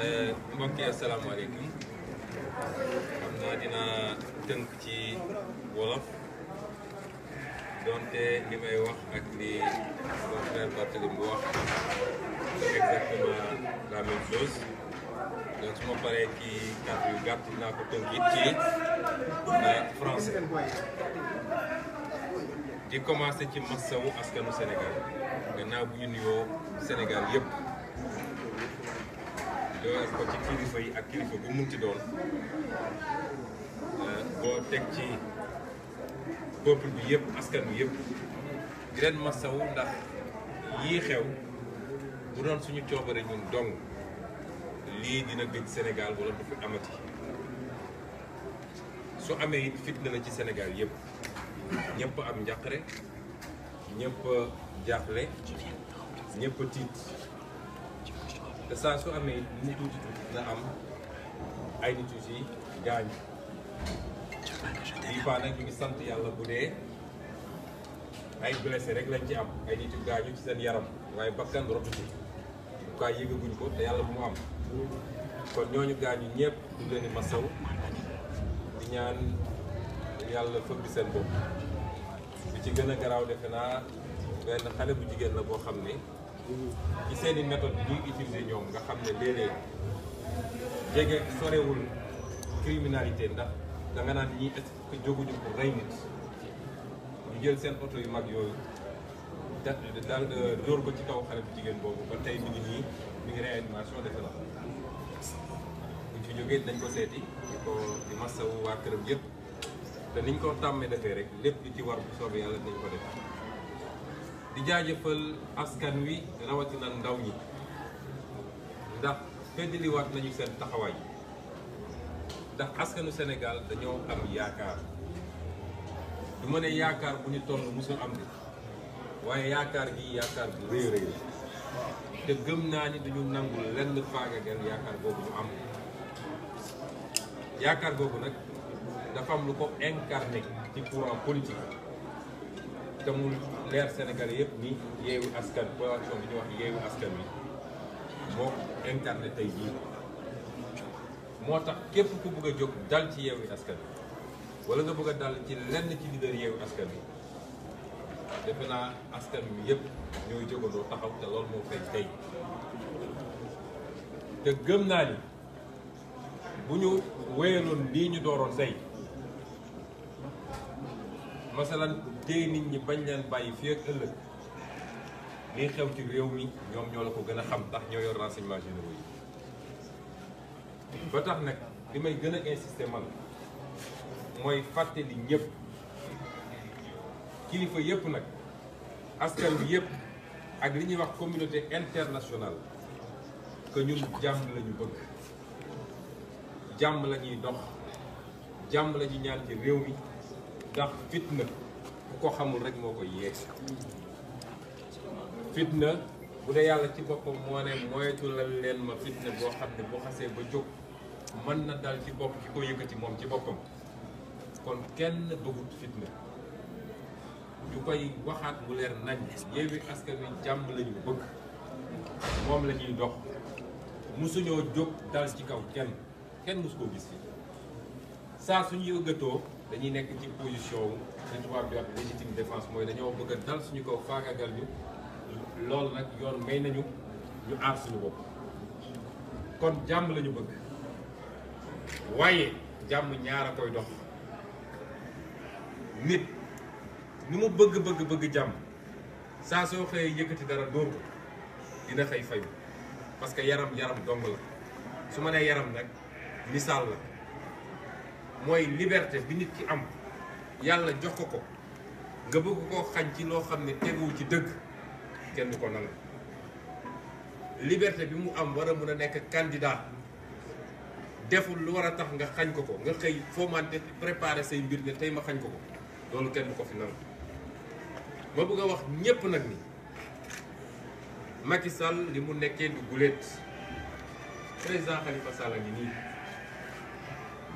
Euh, mbokk yi asalaamaaleykum xam naa dinaa tënk ci wolof donte li may wax ak li mon frère Barthélémy bu wax exactement la même chose donc su ma paree ci kàddu yu gàtt dinaa ko tënk it ci français di commencé ci massawu askanu Sénégal gannaaw bu ñu nuyoo Sénégal yëpp ko ci kilifa yi ak kilifa bu mun ci doon euh, boo teg ci peuple bi yëpp askan bi yëpp di leen ndax yii xew bu doon suñu coobare ñun dong lii dina gëj Sénégal wala du fi amati su amee it fitna la ci senegal yëpp ñëpp am njàqare ñëpp jaaxle ñëpp tiit te saa su amee lu mu tuuti tuuti dina am ay nit ci gaañu bii faa nag ñu ngi sant yàlla bu dee ay blessé rek lañ ci am ay nit yu gaañu ci seen yaram waaye bakkan rotu ci en tout cas yëgaguñ ko te yàlla bu mu am kon ñooñu gaañu ñëpp ñu leen di masaw di ñaan yàlla fëgg seen bopp ci gën a garaaw defe naa benn xale bu jigéen la boo xam ne ci seen i méthode ñuy utiliser ñoom nga xam ne léeg jege sorewul criminalité ndax da nga naan ñii est-ce que rey nit ñu jël seen oto yu mag yooyu da daal dóor ko ci kaw xale bu jigéen boobu ba tey mi ngi nii mi defe la buñ fi jógee dañ ko seeti di ko di masawu waa këram yëpp te niñ ko tàmmee defee rek lépp li ci war bu soobee yàlla dañ ko def di jaajëfal askan wi rawatina ndaw ñi ndax feddaliwaat nañu seen taxawaay ndax askanu Sénégal dañoo am yaakaar du ma ne yaakaar bu ñu toll musul am de waaye yaakaar gi yaakaar bu te gëm naa ni duñu nangul lenn faagagal yaakaar boobu ñu am yaakaar boobu nag dafa am lu ko incarné ci courant te mu leer Sénégal yëpp ni yeewu askan bi ñu wax yeewu askan wi moo incarné tey jii moo tax képp ku bëgg a jóg dal ci yeewu askan wi wala nga bëgg a dal ci lenn ci leader yeewu askan wi defe naa askan bi yëpp ñooy jógandoo taxaw te loolu moo feeñ tey te gëm naa ni bu ñu wéyaloon lii ñu dooroon tey masalan dee nit ñi bañ leen bàyyi fii ak ëllëg xew ci réew mi ñoom ñoo la ko gën a xam ndax ñoo yor renseignement généraux yi ba tax nag li may gën a insister man mooy fàttali ñëpp kilifa yëpp nag askan bi yëpp ak li ñuy wax communauté international que jàmm la ñu bëgg jàmm la ñuy dox jàmm la ñu ñaan ci réew mi ndax fitna bu ko xamul rek moo ko yees fitna bu dee yàlla ci boppam moo ne moytu la leen ma fitna boo xam ne bu xasee ba jóg mën na dal ci bopp ki ko yëkkati moom ci boppam kon kenn bëggut fitna ñu koy waxaat bu leer nañ Yewwi Askan Wi jàmm lañu bëgg moom la ñuy dox musuñoo jóg dal ci kaw kenn kenn musu koo gis fii saa suñu yëgatoo dañuy nekk ci position wu dañ tubaab di wax légitime défense mooy dañoo bëgg a dal suñu ko faagagal ñu loolu nag yoon may nañu ñu aar suñu bopp kon jàmm lañu ñu bëgg waaye jàmm ñaar a koy dox nit ni mu bëgg bëgg bëgg jàmm saa soo xëyee yëkkati dara dóor ko dina xëy fayu parce que yaram yaram dong la su ma nee yaram nag misaal la mooy liberté bi nit ki am yàlla jox ko ko nga bëgg koo xañ ci loo xam ne teguwu ci dëgg kenn ko nangu liberté bi mu am war a mën a nekk candidat deful lu war a tax nga xañ ko ko nga xëy foomante préparer say mbir ne tey ma xañ ko ko loolu kenn du ko fi nangu ma bëgg a wax ñépp nag ni Macky Sall li mu nekkee du guléet président Khalifa Sall a ngi nii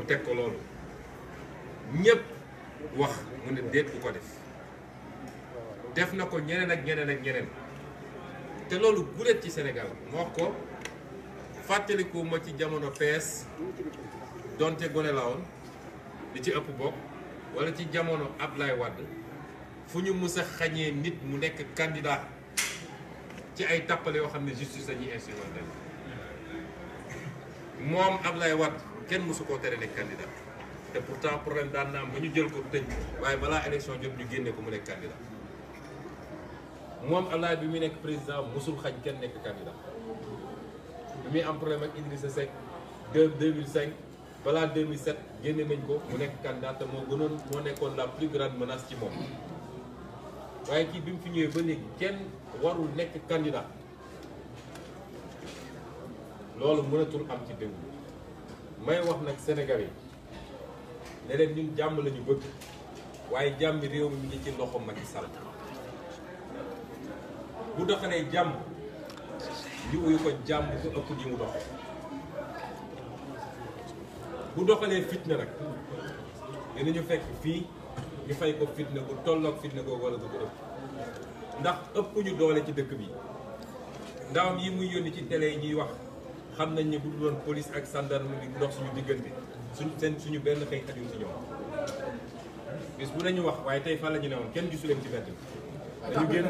mu teg ko loolu ñëpp wax mu ne déet bu ko def def na ko ñeneen ak ñeneen ak ñeneen te loolu guléet ci senegal moo wax ko fàttaliku ma ci jamono PS donte gone li ci ëpp bokk wala ci jamono Ablaye Wade fu ñu xañee nit mu nekk candidat ci ay tappale yoo xam ne justice la ñuy kenn mosu koo tere nekk candidat te pourtant problème daan na am ba ñu jël ko tëj waaye balaa élection jot ñu génne ko mu nekk candidat moom Abdoulaye bi muy nekk président mosul xañ kenn nekk candidat bi muy am problème ak Idrissa Seck de 2005 balaa 2007 génne nañ ko mu nekk candidat te moo gënoon moo nekkoon la plus grande menace ci moom waaye kii bi mu fi ñëwee ba léegi kenn warul nekk candidat loolu mënatul am ci déglu may wax nag senegal yi ne leen ñun jàmm lañu ñu bëgg waaye jàmm réew mi ngi ci loxo Macky Sall bu doxalee jàmm ñu uyu ko jàmm bu ëpp di mu dox bu doxalee fitna nag dinañu fekk fii ñu fay ko fitna bu tolloog fitna ko wala bu ko ëpp ndax ëpp ñu doole ci dëkk bi ndawam yi muy yónni ci télé yi ñuy wax xam nañ ne bu dul woon police ak gendarmerie bi ndox suñu diggante suñu seen suñu benn xëy xajul si ñoom bis bu wax waaye tey fan la ñu ne woon kenn gisu leen ci bett bi dañu génn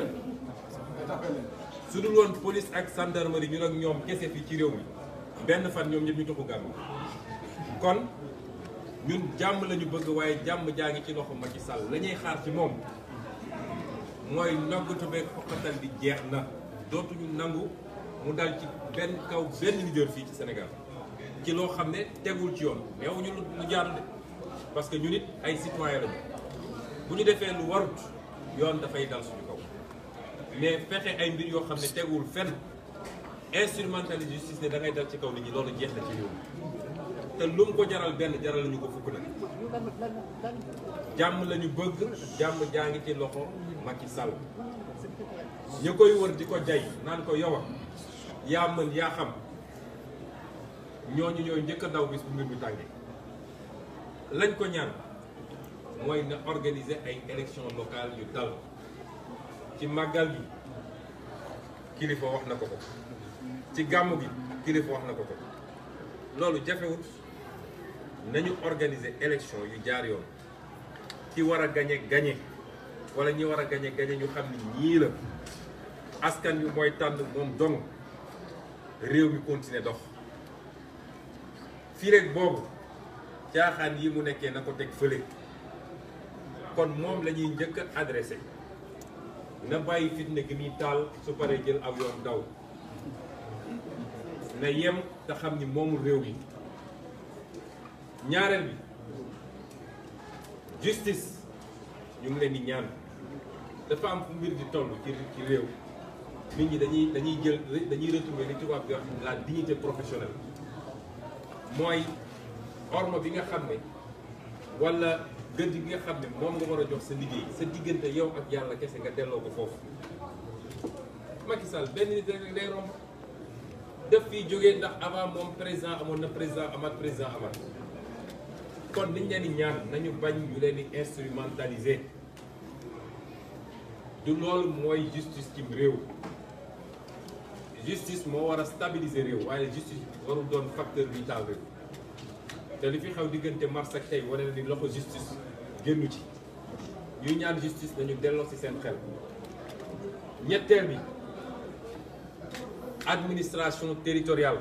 su ak gendarmerie ñu nag ñoom kese fii ci réew benn fan ñoom ñëpp ñu toxu gàmm kon ñun jàmm lañu ñu bëgg waaye jàmm jaa ngi ci loxo Macky Sall la ñuy xaar ci moom mooy noggatu beeg xoqatal bi jeex na dootuñu nangu mu dal ci benn kaw benn leader fii ci senegal ci loo xam ne tegul ci yoon neewu ñu lu jaadu de parce que ñun it ay citoyen lañu bu ñu defee lu warut yoon dafay dal suñu kaw mais fexe ay mbir yoo xam ne tegul fen instrumentaliser justice ne da dal ci kaw nit ñi loolu jeex na ci réew te lu ko jaral benn jaral ñu ko fukk nag jàmm la bëgg jàmm jaa ngi ci loxo ci Sall ñu koy wër di ko jay naan ko yow yaa mën yaa xam ñooñu ñooy njëkk a daw bis bu mbir mi tàngee lañ ko ñaan mooy na organiser ay élections locale yu dal ci màggal yi kilifa wax na ko ko ci gàmmu gi kilifa wax na ko ko loolu jafewut nañu organise élection yu jaar yoon ci war a gañe gañe walla ñi war a gañe gañe ñu xam ni ñii la askan wi mooy tànn moom dong réew mi continuer dox fii rek boobu caaxaan yi mu nekkee na ko teg fële kon moom lañuy ñuy njëkk a adressé na bàyyi fitna gi muy taal su paree jël avion daw na yem te xam ni moomu réew yi ñaareel bi justice ñu ngi leen di ñaan dafa am fu mbir di toll ci ci réew nit ñi dañuy dañuy jël dañuy retrouver li tubaab bi wax la dignité professionnelle mooy orma bi nga xam ne wala gëdd bi nga xam ne moom nga war a jox sa liggéey sa diggante yow ak yàlla kese nga delloo ko foofu Macky Sall benn nit rek day romb def fii jógee ndax avant moom président amoon na président amaat président amaat kon niñ leen di ñaan nañu bañ ñu leen di instrumentaliser du loolu mooy justice cim réew justice moo war a stabiliser réew waaye justice warul doon facteur vital réew te li fi xew diggante mars ak tey wane na ni loxo justice génnu ci ñuy ñaan justice nañu delloo ci seen xel ñetteel bi administration territoriale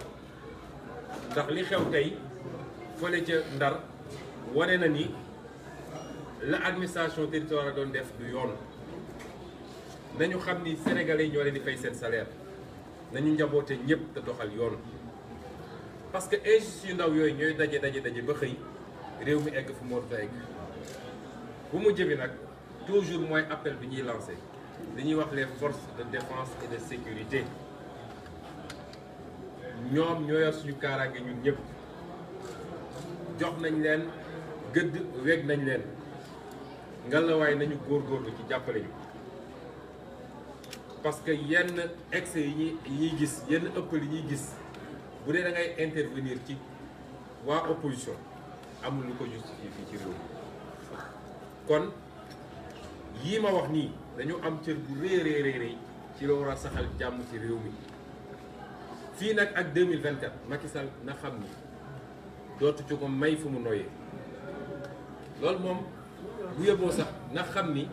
ndax li xew tey fële ca Ndar wane na ni la administration a doon def du yoon nañu xam ni sénégalais ñoo leen di fay seen salaire nañu njaboote ñëpp te doxal yoon parce que injustice yu ndaw yooyu ñooy daje daje daje ba xëy réew mi egg fu moo warut a egg bu mu jëbi nag toujours mooy appel bi ñuy lancé li ñuy wax les forces de défense et de sécurité ñoom ñoo yor suñu kaaraange ñun ñëpp jox nañ leen gëdd weg nañ leen ngalawaay nañu góor góor góorgóorlu ci jàppale ñu. parce que yenn excès yi ñuy ñuy gis yenn ëpp li ñuy gis bu dee da intervenir ci waa opposition amul lu ko justifié fii ci réew mi kon yii ma wax nii dañu am cër bu rëy ci la war a saxal jàmm ci réew mi fii nag ak mille 2024 Macky Sall na xam ni dootu ci ko may fu mu noyee loolu moom bu yeboo sax na xam ni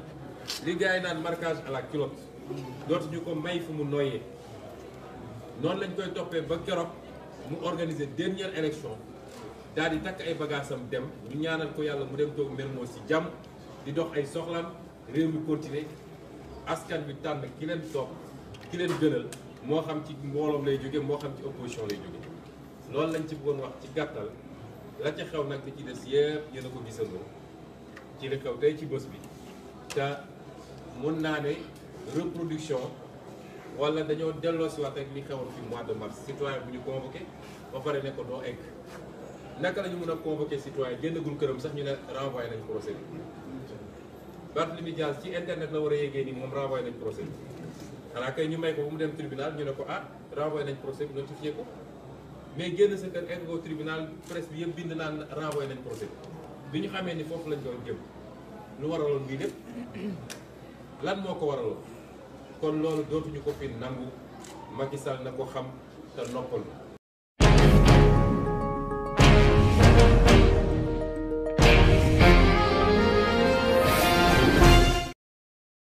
li gars yi naan marquage à la culotte dootuñu ko may fu mu noyee noonu lañ koy toppee ba keroog mu organiser dernière élection daal di takk ay bagaasam dem ñu ñaanal ko yàlla mu dem toog moo si jàmm di dox ay soxlam réew mi continuer askan bi tànn ki leen topp ki leen gënal moo xam ci mbooloom lay jóge moo xam ci opposition lay jóge loolu lañ ci bëggoon wax ci gàttal la ca xew nag li ci des yëpp yéen a ko gisandoo ci li xew tey ci bés bi te mun naa ne reproduction wala dañoo delloo si waat rek li xewoon fi mois de mars citoyen bu ñu convoqué ba pare ne ko doo egg naka la ñu mën a convoqué citoyen génnagul këram sax ñu ne renvoyé nañ procès bi Barthélémy Dias ci internet la war a yéegee nii moom renvoyé nañ procès bi xanaa kay ñu may ko bu mu dem tribunal ñu ne ko ah renvoyé nañ procès bi notifié ko mais génn sa kër egg tribunal presse bi yëpp bind naan renvoyé nañ procès bi ñu amee ni foofu lañ doon jëm lu waraloon bii lépp moo ko waraloon kon loolu dootuñu ko fi nangu Macky Sall na ko xam te noppal